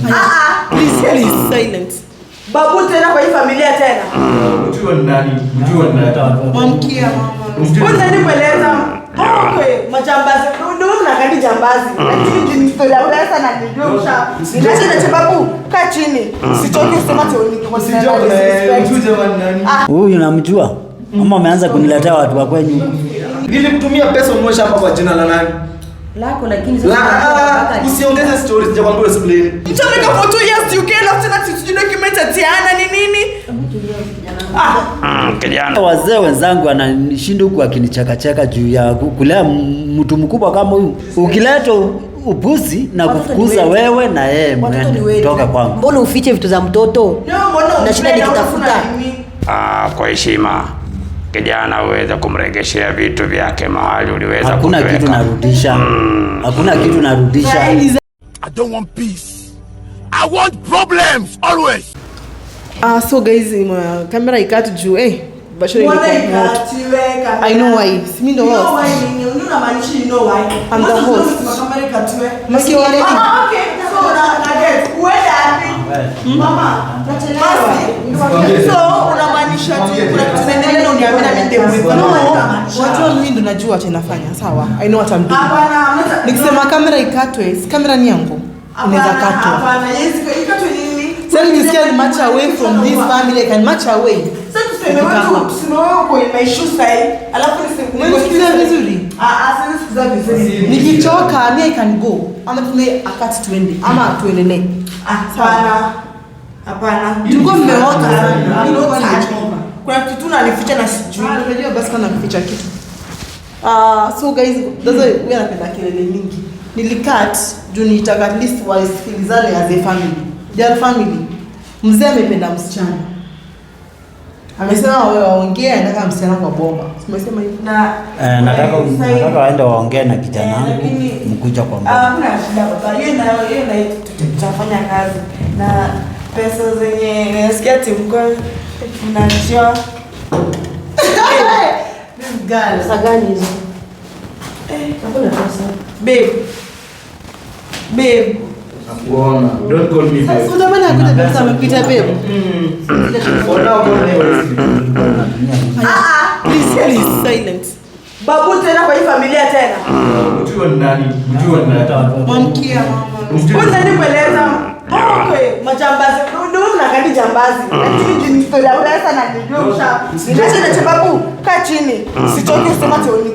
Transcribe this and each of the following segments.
Please, ah, ah. hell silent. Babu tena kwa hii familia tena. Mjua nani? Mjua nani? mama. Okay, majambazi. Mm. Ndio jambazi. Lakini na kaa chini. Mm. Sichoki kwa mjua nani? Huyu ah. namjua. Mama ameanza kuniletea watu wa kwenyu. Nilimtumia pesa mmoja hapa kwa jina la nani? lako lakini sasa la, ah, ah, usiongeze Mchana for 2 years ni nini? Ah, mm, kijana. Wazee wenzangu ananishinda huku akinichakachaka juu ya kulea mtu mkubwa kama huyu. Ukileta upuzi na kufukuza wewe na yeye mwene toka kwangu. Mbona ufiche vitu za mtoto? Na shida nikitafuta. Ah, kwa heshima kijana uweze kumregeshea vitu vyake mahali uliweza kuweka. Mm. Hakuna kitu narudisha. Hakuna kitu narudisha. I don't want peace. I want problems always. Ah, so guys, my camera ikatu juu eh. Basho ni kwa I know why. Mimi ndo host. You know Unamaanisha you know why? I'm the host. Msikione. Ah, okay. Wajua hmm? mimi ndo najua cha nafanya, sawa. kamera ikatwe, kamera ni yangu. Inaweza katwa. vizuri. Ah, ah, nikichoka mie can go ama tule akati tuende ama hmm. tuendelee. Ah, hapana, mmeota. Kuna kitu so guys, that's anapenda kelele mingi. Nilikat juu nitaka at least wasikilizane as a family. They family. Mzee amependa msichana Amesema wewe waongee, anataka msichana kwa bomba. Umesema hivyo? Na eh, nataka nataka waende waongee na eh, kijana wangu mkuja kwa mbele. Ah, hamna shida baba. Yeye na yeye na tutafanya kazi. Na pesa zenye nasikia timko tunachia. Eh, Babe. Babe. Mm. Ah, ah, ah. Babu tena kwa hii familia tena. Oh, Majambazi. Ndio jambazi. Lakini pesa na ndio msha. chini. Sichoki usema tuni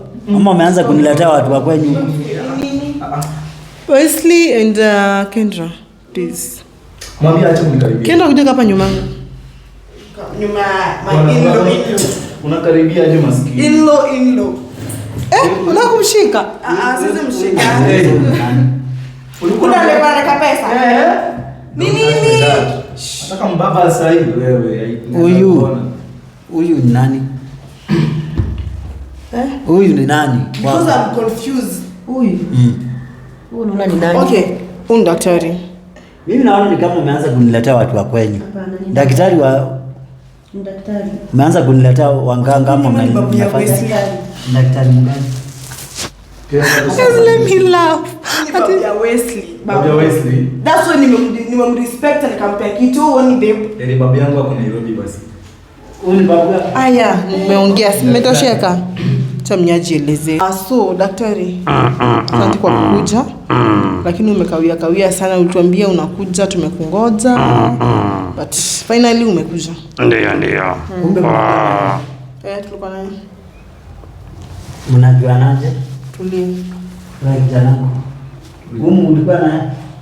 Mama ameanza kuniletea watu wa kwenyu. Wesley and uh, Kendra, please. Mwambie acha kunikaribia. Kendra kuja hapa nyuma. Nyuma Unakaribia aje Eh, kumshika? Ah, ah eh, mshika. Eh, eh. Ulikuwa pesa. Eh. Ni Nataka mbaba sasa hivi wewe. Huyu. Huyu nani? Eh? Huyu eh? ni nani? Because wow. I'm confused. Huyu. Mm. Huyu unaona ni nani? Okay, huyu daktari. Mimi naona ni kama umeanza kuniletea watu wa kwenyu. Hapana. Daktari wa Daktari. Umeanza kuniletea wanganga ama mimi nafanya. Daktari mgani? Let me laugh. Ati ya Wesley. Baba Wesley. That's why nime nime respect nimemrespect nikampea kitu, huoni babe? Eh, ni babu yangu ako Nairobi basi. Huyu ni babu yako? Aya, umeongea, nimetosheka mnyaji Acha Ah, So daktari, ah, ah, ah, asante kwa kukuja, lakini umekawia kawia sana. Ulituambia unakuja, tumekungoja but finally umekuja. Ndio, ndio. Kumbe Eh, tulikuwa naye. Mnajuanaje? Tulie. jana. Mnajuanaje? Ulikuwa naye?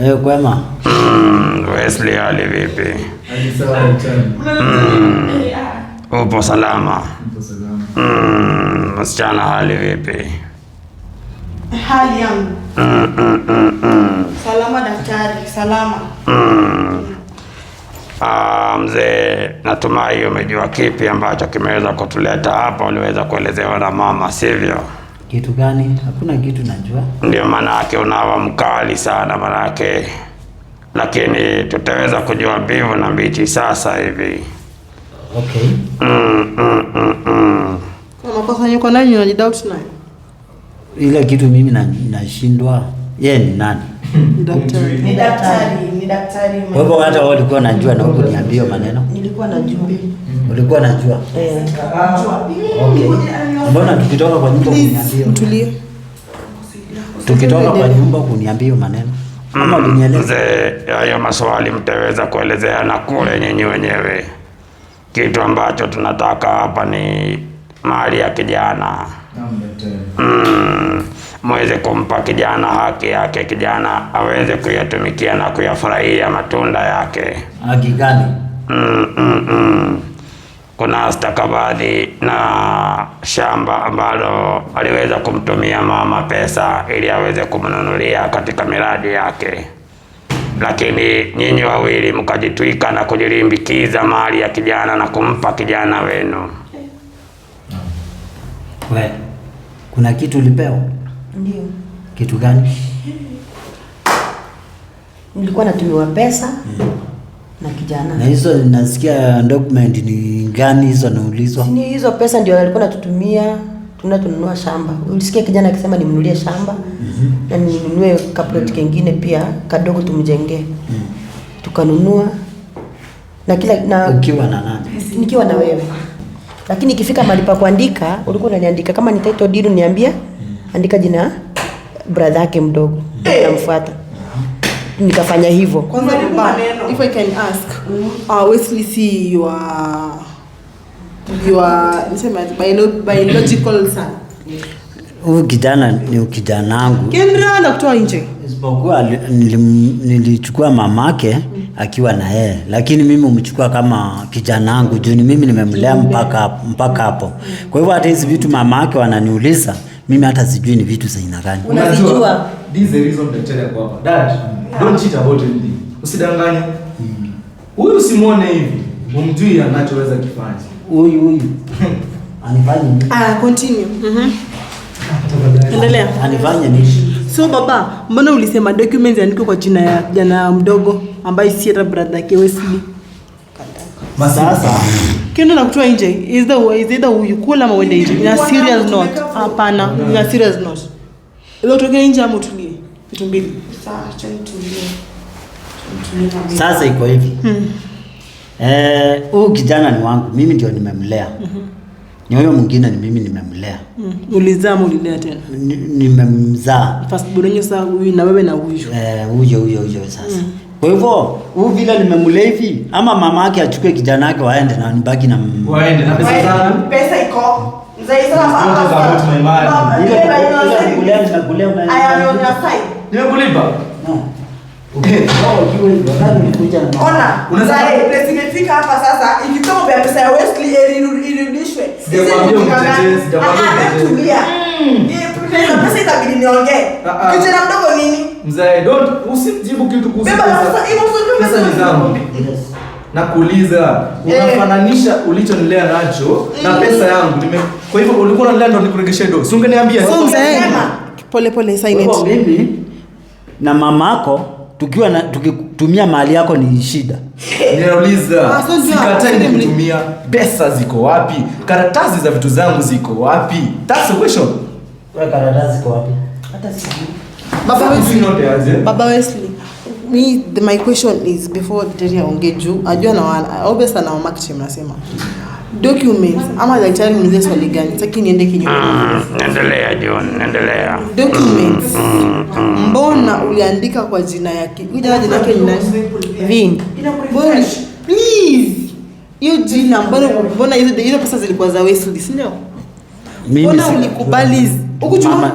Eh, kwema. Mm, Wesley hali vipi? Mm, upo salama? Mm, msichana hali vipi? Hali yangu. Mm, mm, salama daktari, salama. Ah, mzee, natumai umejua kipi ambacho kimeweza kutuleta hapa, uliweza kuelezewa na mama, sivyo? Kitu gani? Hakuna kitu najua. Ndio manake unawa mkali sana manake, lakini tutaweza kujua mbivu na mbichi sasa hivi. Okay. Mm, mm, mm, mm. unajidoubt nayo? Ile kitu mimi nashindwa na yeye ni nani? Daktari. Ni daktari, ni daktari. Kwa hivyo hata wewe ulikuwa unajua na huko niambie maneno. Nilikuwa najua. Mm. Ulikuwa unajua? Eh. Mbona tukitoka kwa nyumba kuniambia? Tulie. Tukitoka kwa nyumba kuniambia maneno. Ama mm, ulinieleza? Hayo maswali mtaweza kuelezea na kule nyinyi wenyewe. Kitu ambacho tunataka hapa ni mali ya kijana. Mm mweze kumpa kijana haki yake, kijana aweze kuyatumikia na kuyafurahia matunda yake. Haki gani? mm, mm, mm. Kuna stakabadhi na shamba ambalo aliweza kumtumia mama pesa ili aweze kumnunulia katika miradi yake, lakini nyinyi wawili mkajitwika na kujilimbikiza mali ya kijana na kumpa kijana wenu. We, kuna kitu ulipewa Ndiyo. Kitu gani? Nilikuwa natumiwa pesa yeah. Hmm. Na kijana. Na hizo nasikia document ni gani hizo naulizwa? Ni hizo pesa ndio alikuwa natutumia tuna tununua shamba. Ulisikia kijana akisema nimnunulie shamba mm -hmm. na ninunue kaplot hmm. kingine pia kadogo tumjengee. Mm. Tukanunua na kila na ukiwa na nani? Nikiwa na wewe. Lakini ikifika mahali pa kuandika ulikuwa unaniandika kama ni title deed niambie. Mm andika jina brother yake mdogo namfuata nikafanya hivyo. If I can ask, mm-hmm. uh, your your Huyu kijana ni ukijanangu Kendra na kutoa nje, isipokuwa nilichukua mamake akiwa na yeye, lakini mimi umchukua kama kijanangu juu ni mimi nimemlea mpaka hapo mpaka hapo. Kwa hivyo hata hizi vitu mamake wananiuliza mimi hata sijui ni vitu za aina gani. Unajua, this is the reason tell you hapa. Dad, yeah. don't cheat about it. Usidanganye. Hmm. Huyu mm. usimwone hivi. Umjui anachoweza kifanya. Huyu huyu. Anifanye nini? Ah, continue. Mhm. Endelea. Anifanye nini? So baba, mbona ulisema documents andike kwa jina ya jana mdogo ambaye si hata brother yake Wesley? Masasa Kienda na kutoa nje is the way is either huyu kula ama uende nje. Na serious not. Hapana, na serious not. Ile utoke nje ama utulie. Vitu mbili. Sasa tutulie. Sasa iko hivi. Mm. kijana ni wangu. Mimi ndio nimemlea. Mm -hmm. Ni huyo mwingine ni mimi nimemlea. Mm. Ulizaa ulilea tena. Nimemzaa. First born yenu sasa na wewe na huyu. Eh, huyo huyo huyo sasa. Mm. Kwa hivyo huu vile nimemlea hivi, ama mama yake achukue kijana wake waende na nibaki na waende na pesa zangu. Pesa iko mzee sana. Nimekulipa. Hapa sasa ikitoka pesa ya Wesley irudishwe. Pesa itabidi niongee. Kijana mdogo nini? mzee, don't usimjibu kitu kuhusu pesa. pesa Sasa hiyo sio nakuuliza eh. unafananisha ulichonilea nacho na eh. pesa yangu. Nime Kwa hivyo ulikuwa unanilea ndo nikuregeshe do, si ungeniambia? Mzee, eh. Pole pole, silent. Mimi na mamako tukiwa na tukitumia mali yako ni shida. Ninauliza, ah, sikatai nikutumia pesa. Ziko wapi karatasi za vitu zangu? Ziko wapi? That's the question. Wewe karatasi ziko wapi? Hata sijui. Baba Wesley. Baba Wesley. Me, the, my question is before daktari aongee juu ajua na obvious na market mnasema documents ama daktari mzee swali gani? Sasa niende kinyume. Mm, endelea John, endelea. Documents. Mm, mm, mbona uliandika kwa jina yake? Jina yake ni nani? Vin. Please. Hiyo jina mbona mbona hizo pesa zilikuwa za Wesley, si ndio? Mimi ulikubali.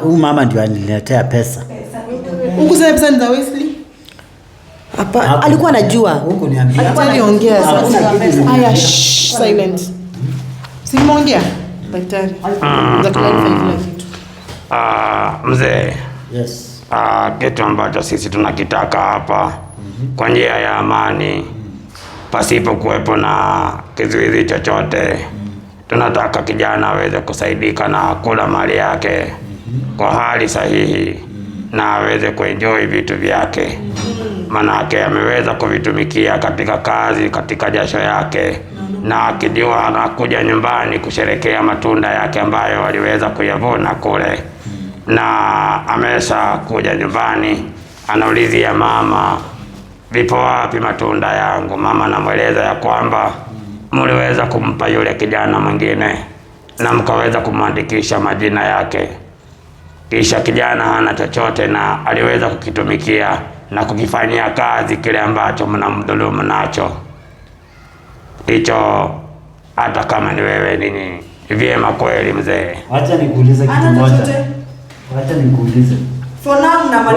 Huyu mama ndio aliniletea pesa. Huku sasa pesa ni Wesley. Hapa alikuwa anajua. Huko niambia. Alikuwa anaongea. Haya, silent. Simuongea. Daktari. Daktari ah. kila kitu. Ah, mzee. Yes. Ah, kitu ambacho sisi tunakitaka hapa mhm. kwa njia ya amani mm. pasipo kuwepo na kizuizi chochote mm. tunataka kijana aweze kusaidika na kula mali yake mhm. kwa hali sahihi na aweze kuenjoy vitu vyake, manake ameweza kuvitumikia katika kazi, katika jasho yake, na akijua anakuja nyumbani kusherekea matunda yake ambayo aliweza kuyavuna kule, na amesha kuja nyumbani anaulizia mama, vipo wapi matunda yangu? Mama anamweleza ya kwamba mliweza kumpa yule kijana mwingine na mkaweza kumwandikisha majina yake kisha kijana hana chochote na aliweza kukitumikia na kukifanyia kazi kile ambacho mnamdhulumu nacho hicho, hata kama ni wewe nini, vyema kweli mzee. Acha nikuulize kitu moja, acha nikuulize Na na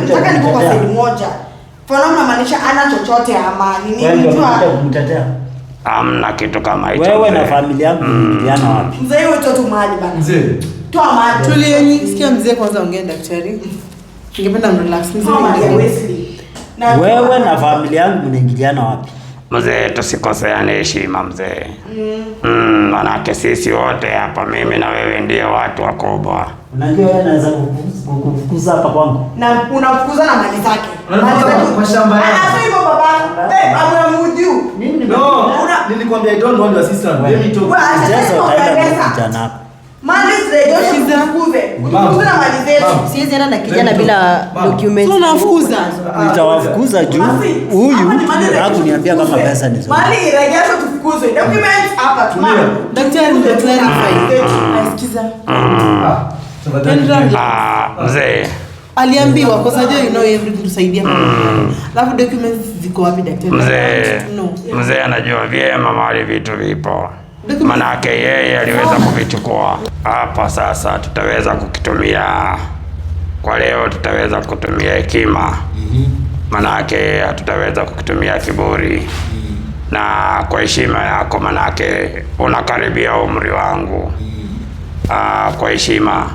nataka niko kwa moja, namaanisha ana chochote ama nini? Mtu Amna kitu kama hicho. Wewe na familia yako mm. wapi mzee, Wewe tu mahali bana mzee? Tulieni, sikia mzee kwanza ongea daktari. Ningependa mrelax Wewe na familia yangu mnaingiliana wapi? Mzee, tusikoseane heshima mzee. Mm. Mm, manake sisi wote hapa mimi na wewe ndio watu wakubwa. Unajua wewe unaweza kukufukuza hapa kwangu. Na unafukuza na mali zake. Mali zake Kwa shamba yako. Hapo hivyo baba. Eh, baba mjuju. Mimi no, nilikwambia I don't want your sister. Let me talk. Wewe acha sasa utaenda kijana. Mali Siwezi enda na kijana bila Nitawafukuza juu huyu hakuniambia kama pesa ni zote. Mali tufukuzwe. hapa tu. Daktari ndio clarify. Nasikiza. Mzee. Aliambiwa kwa sababu you know everything tusaidia. Alafu documents ziko wapi daktari? Mzee. Mzee anajua vyema mahali vitu vipo manake yeye aliweza kuvichukua hapa. Sasa tutaweza kukitumia kwa leo, tutaweza kutumia hekima, mm-hmm. manake hatutaweza kukitumia kiburi mm-hmm. na kwa heshima yako, manake unakaribia umri wangu. Mm-hmm. Ah, kwa heshima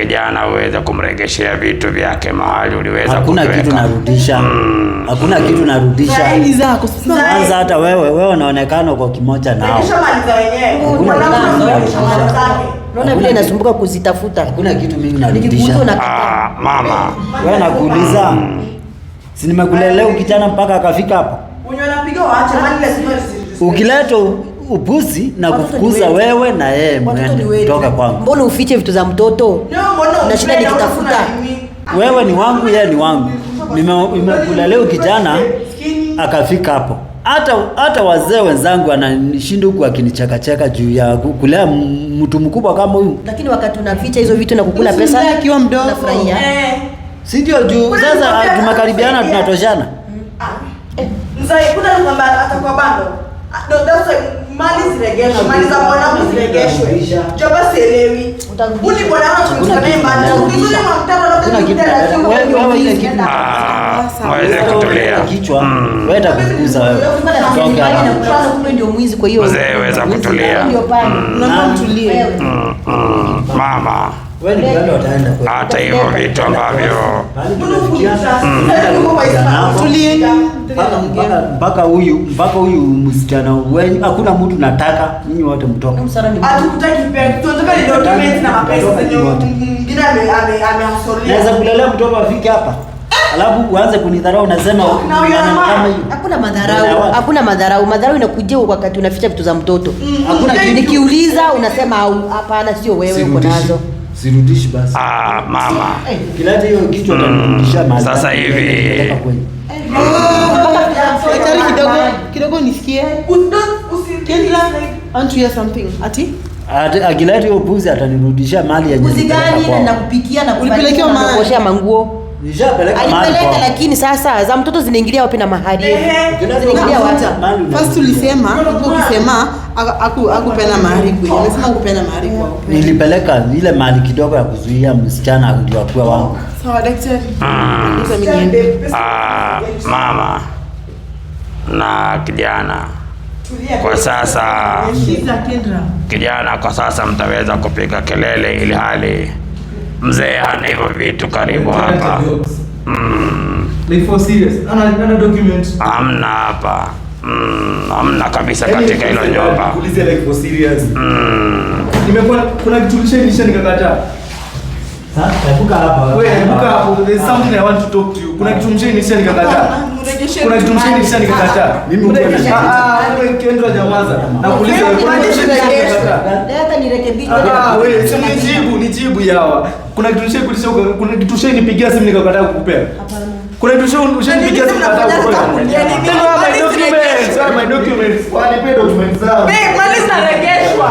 kijana uweze kumregeshea vitu vyake mahali uliweza hakuna Kitu narudisha mm. Hakuna mm. Kitu narudisha hali zako sasa, kwanza. Hata wewe wewe unaonekana kwa kimoja nao, unaona vile nasumbuka kuzitafuta. Hakuna kitu mimi narudisha ah, mama, wewe nakuuliza, mm. si nimekulelea ukitana mpaka akafika hapa, ukileto ubuzi na kufukuza wewe na yeye mwende toka kwangu. Mbona ufiche vitu za mtoto? Na shida nikitafuta wewe ni wangu, yeye ni wangu. Nimekula leo, kijana akafika hapo. Hata hata wazee wenzangu ananishinda huku akinichekacheka juu ya kulea mtu mkubwa kama huyu, lakini wakati unaficha hizo vitu na kukula pesa akiwa mdogo unafurahia, eh. si ndio? Juu sasa tunakaribiana, ah, tunatoshana. Ah. Mzee kuna atakuwa ah, mali ziregeshwe, mali za mwanangu ziregeshwe. Jaba sielewi. Uni bwana wangu tunataka naye mali. Ukizuri mwa mtaro na kuna kitu la kitu. Ah, wewe wewe ile mm. Wewe kutolea kichwa. Wewe wewe. Wewe mm. Mm. Mama hata hivyo vitu ambavyo yaani mpaka huyu mpaka huyu msichana wenyu, hakuna mtu nataka nyinyi wote mtoke. Naweza kulelea mtoto afike hapa alafu uanze kunidharau, nasema hakuna madharau, hakuna madharau. Madharau inakujia wakati unaficha vitu za mtoto. Mm. Nikiuliza unasema hapana, sio wewe uko nazo. Sirudishi basi. Ah, mama. Ukileta eh, hiyo kitu atanirudishia mali. Sasa hivi. Daktari eh, kidogo kidogo nisikie. Usidai. something. Ati? Ati Akileta ah, hiyo puzi atanirudisha mali ya jina. Puzi gani na nakupikia na kulipelekea mali. Kuosha manguo alipeleka lakini sasa za mtoto zinaingilia wapi na mahari zinaingilia wapi? First ulisema ukisema aku akupena mahari kwa, umesema akupena mahari kwa. Nilipeleka ile mali kidogo ya kuzuia msichana ndio akue wangu. Sawa daktari, hmm. Ah, mama na kijana kwa sasa, kijana kwa sasa mtaweza kupiga kelele ili hali mzee ana hivyo vitu karibu hapa. Mm. Amna hapa. Mm, hamna amna kabisa yaani, katika hilo nyumba. Mm. kuna kitu Epuka Kuna kitu ah, ah, ah, Kuna kitu nijibu, yawa. Kuna kitu kuna kitu nipigia simu nikakataa kukupea. Kuna kitu msheni yaani simu nikakataa kukupea. Yaani Tena my documents, regeshwa.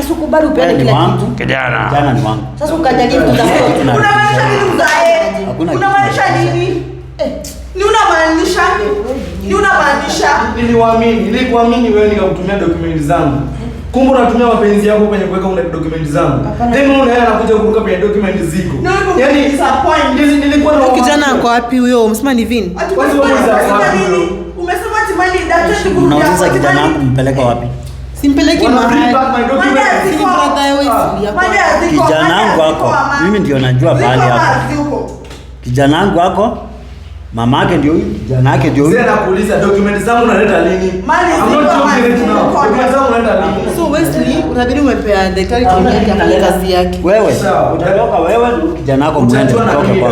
Usikubali upende yaani kila kitu. Kijana. Kijana ni wangu. Sasa ukajaribu kutafuta. Yaani unamaanisha nini mzae? Unamaanisha nini? Yaani eh, ni unamaanisha? Eh, ni unamaanisha? Niliwaamini, nilikuamini wewe nikakutumia dokumenti zangu. Kumbe unatumia mapenzi yako kwenye kuweka una dokumenti zangu. Tena una hela anakuja kuruka kwenye dokumenti ziko. Yaani disappoint. Nilikuwa na kijana ako wapi huyo? Umesema ni Vin? Umesema ati mali data tukurudia. Unaanza kijana kumpeleka wapi? Simpeleki Kijana wangu wako, mimi ndio najua bali hapo. Kijana wangu wako, mama yake ndio huyu, kijana yake ndio huyu. Sasa nakuuliza document zangu unaleta lini? Mali zangu unaleta lini? So Wesley, unabidi umepea the kliniki kazi yake. Wewe, utatoka wewe kijana wako mwenyewe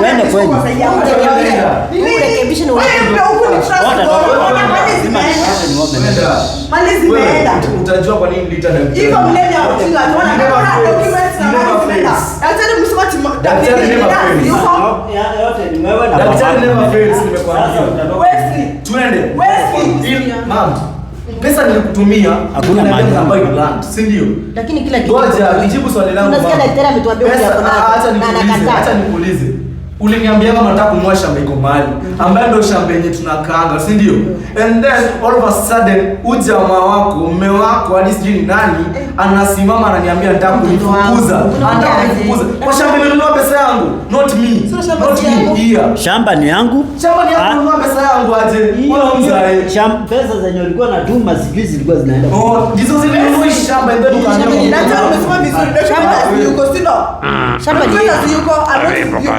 uende kwenye kwa pesa nilikutumia hakuna mahali ambayo you land, si ndio? Lakini kila kitu ngoja nijibu swali langu. Unasikia daktari ametuambia, ah, acha nikuulize, acha nikuulize Uliniambia kama nataka kununua shamba iko mahali mm. ambayo ndio shamba yenye tunakaanga, si ndio? Mm. And then all of a sudden ujamaa wako mume wako hadi sijui ni nani eh. anasimama ananiambia nataka kunifukuza, nataka kunifukuza kwa shamba nilinunua pesa yangu, not me, not me here. Shamba ni yangu, shamba ni yangu, ah. nunua pesa yangu aje? Wewe mzae shamba, pesa zenye ulikuwa unatuma sijui zilikuwa zinaenda oh, hizo zilinunua shamba, and ukaanza. Nataka umesema vizuri, ah. shamba ah. yuko sio, shamba yuko, yuko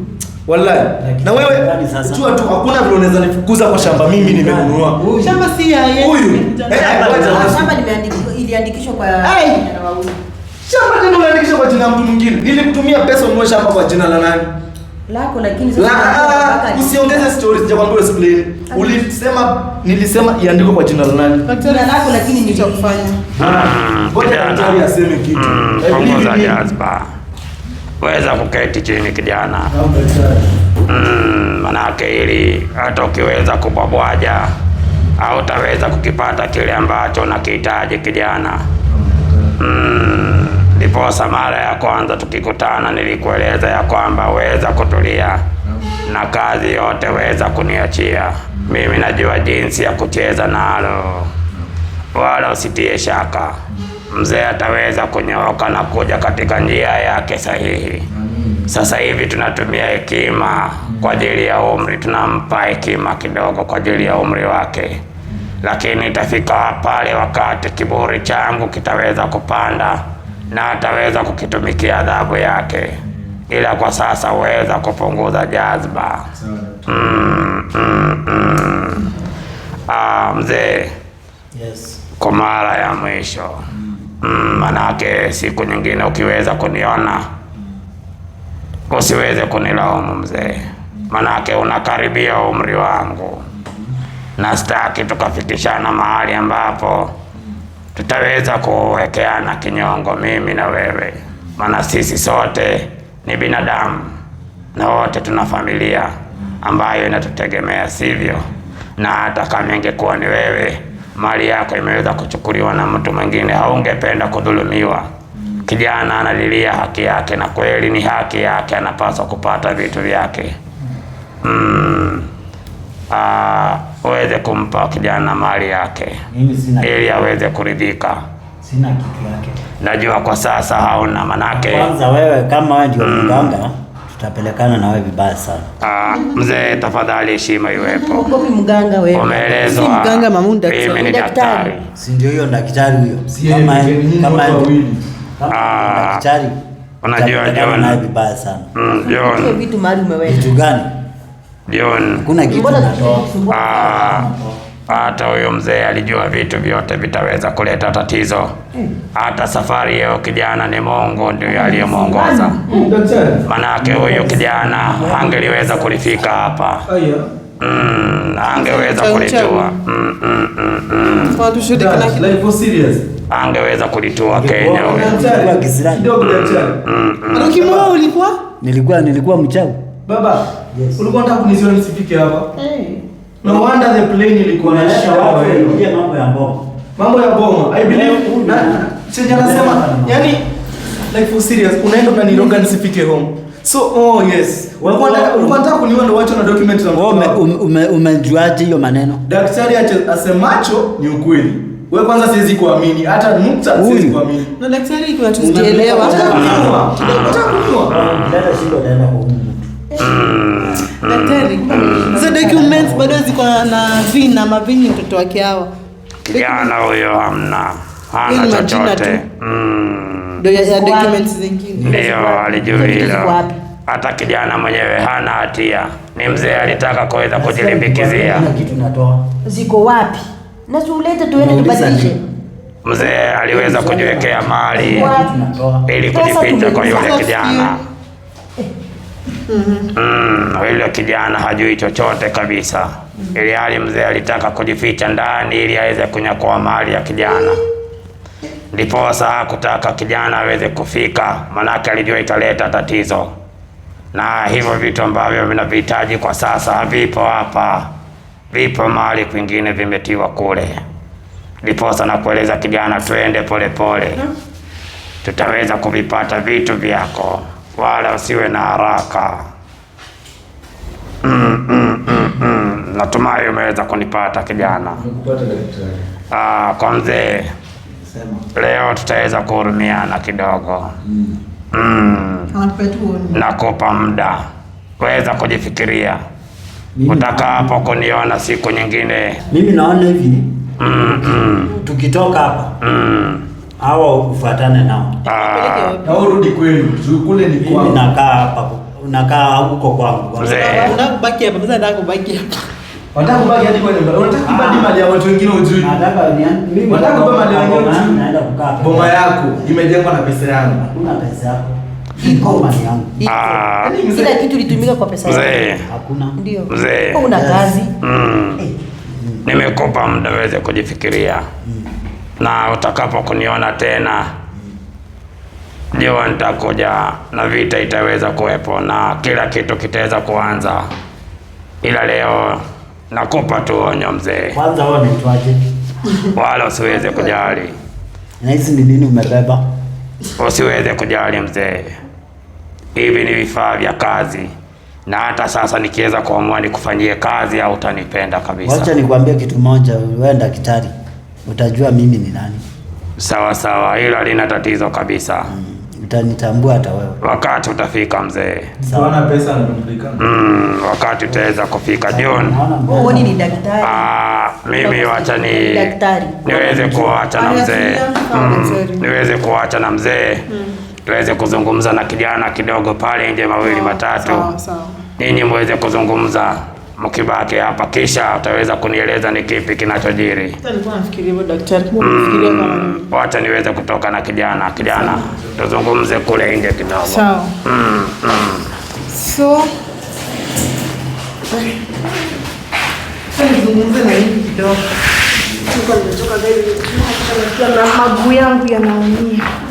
Wallahi. Na wewe jua tu hakuna vile unaweza nifukuza kwa shamba mimi yaani, nimenunua. Shamba si ya yeye. Huyu. Eh, shamba limeandikwa iliandikishwa kwa jina la wauzi. Shamba tena unaandikisha kwa jina la mtu mwingine. Nilikutumia pesa ununue shamba kwa jina la nani? Lako lakini sasa ah, ah, usiongeze stories je kwambia explain. Ah. Ulisema nilisema iandikwe kwa jina la nani? Kwa lako lakini nilichokufanya. Ngoja daktari aseme kitu. Kama za jazba weza kuketi chini kijana, mm, ili hata ukiweza kubwabwaja utaweza kukipata kile ambacho unakihitaji kijana. Mm, mara ya kwanza tukikutana nilikueleza ya kwamba weza kutulia na kazi yote weza kuniachia mimi, najua jinsi ya kucheza nalo, wala usitie shaka mzee ataweza kunyooka na kuja katika njia yake sahihi. Sasa hivi tunatumia hekima kwa ajili ya umri, tunampa hekima kidogo kwa ajili ya umri wake, lakini itafika pale wakati kiburi changu kitaweza kupanda na ataweza kukitumikia adhabu yake, ila kwa sasa uweza kupunguza jazba. mm, mm, mm. Ah, mzee, yes. Kwa mara ya mwisho Mm, manake siku nyingine ukiweza kuniona usiweze kunilaumu mzee, manake unakaribia umri wangu na sitaki tukafikishana mahali ambapo tutaweza kuwekeana kinyongo mimi na wewe, maana sisi sote ni binadamu na wote tuna familia ambayo inatutegemea, sivyo? Na hata kama ingekuwa ni wewe mali yako imeweza kuchukuliwa na mtu mwingine, haungependa kudhulumiwa. Kijana analilia haki yake, na kweli ni haki yake, anapaswa kupata vitu vyake. Mm, ah, uweze kumpa kijana mali yake ili aweze kuridhika. Sina kitu yake, najua kwa sasa hauna manake. Kwanza wewe kama wewe ndio mm. mganga mm tutapelekana na wewe vibaya sana. Ah, mzee tafadhali heshima iwepo. Ugopi mganga wewe. Umeelezwa. Si mganga mamu daktari. Ni daktari. Si ndio hiyo daktari huyo. Si Kama kama ah, daktari. Unajua John. Unajua vibaya sana. Mm, John. Hiyo vitu mahali umeweka. Vitu gani? John. Kuna kitu. Ah hata huyu mzee alijua vitu vyote vitaweza kuleta tatizo. Hata safari yao kijana ni Mungu ndio aliyemwongoza, manake huyu kijana angeliweza kulifika hapa mm, angeweza kulitua mm, mm, mm, mm. angeweza kulitua Kenya huyu mm, mm, mm. nilikuwa nilikuwa mchawi baba, yes. ulikuwa unataka kunisiona nisifike hapa hey. No wonder the plane ilikuwa na shawa wewe. Mambo ya boma. Mambo ya boma. I believe na sija nasema yani like for serious unaenda unaniroga nisifike home. So oh yes. Ulikuwa unataka kuniona ndio wacha na document zangu. Wewe umejuaje hiyo maneno? Daktari asemacho ni ukweli. Wewe kwanza siwezi kuamini hata nukta siwezi kuamini. Na daktari tu atusielewa. ikiwa tusielewa. Unataka kuniona. Ah. Daktari documents bado ziko na vina mavini, mtoto wake hawa kijana huyo hamna hana chochote mm. documents zingine, ndio alijua Hata kijana mwenyewe hana hatia, ni mzee alitaka kuweza kujilimbikizia. Ziko wapi? Na tulete tuende tubadilishe. Mzee aliweza kujiwekea mali ili kujificha kwa yule kijana. Mm-hmm. mm -hmm. Mm, kijana hajui chochote kabisa mm -hmm. Ili hali mzee alitaka kujificha ndani ili aweze kunyakoa mali ya kijana, ndiposa kutaka kijana aweze kufika, manake alijua italeta tatizo, na hivyo vitu ambavyo vinavihitaji kwa sasa havipo hapa, vipo mali kwingine, vimetiwa kule. Ndiposa nakueleza kijana, twende polepole, mm. tutaweza kuvipata vitu vyako wala wasiwe na haraka. mm, mm, mm, mm. Natumai umeweza kunipata kijana. Ah, kwa mzee leo tutaweza kuhurumiana kidogo. mm. Mm. Nakupa muda weza kujifikiria utakapo kuniona siku nyingine. Mimi naona hivi. mm -mm. Tukitoka hapa mm hawa ufuatane nao ah. na urudi kwenu, kule ni kwao. Nakaa hapa, unakaa huko kwangu, unabaki hapa. Mzee ndio kubaki hapa, unataka kubaki hadi kwenu, unataka kubaki mali ya watu wengine ujui, unataka kubaki mali ya wengine ujui. Naenda kukaa boma yako imejengwa na pesa yangu, una pesa yako ah. yaani kila kitu litumika kwa pesa yangu. Hakuna ndio una kazi, mm. nimekopa muda uweze kujifikiria. Mm na utakapo kuniona tena jua nitakuja na vita itaweza kuwepo na kila kitu kitaweza kuanza, ila leo nakupa tu onyo mzee. Kwanza wewe unaitwaje? Wala usiweze kujali. Na hizi ni nini umebeba? Usiweze kujali mzee, hivi ni vifaa vya kazi, na hata sasa nikiweza kuamua nikufanyie kazi au utanipenda kabisa. Wacha nikwambie kitu moja, wewe daktari utajua mimi ni nani. Sawa sawa, hilo lina tatizo kabisa. Mm. Utanitambua hata wewe wakati utafika mzee. Sawa. Pesa mm, wakati utaweza kufika John. Wewe ni daktari. Ah, mimi wacha ni daktari. Niweze kuacha hmm, na mzee mm, niweze kuacha na mzee mm, tuweze kuzungumza na kijana kidogo pale nje mawili matatu, ninyi muweze kuzungumza mkibaki hapa, kisha utaweza kunieleza ni kipi kinachojiri. Mm, niweze kutoka na kijana kijana, tuzungumze kule nje kidogo. Sawa. Mm, mm. So eh, kidogo, na maguu yangu yanaumia.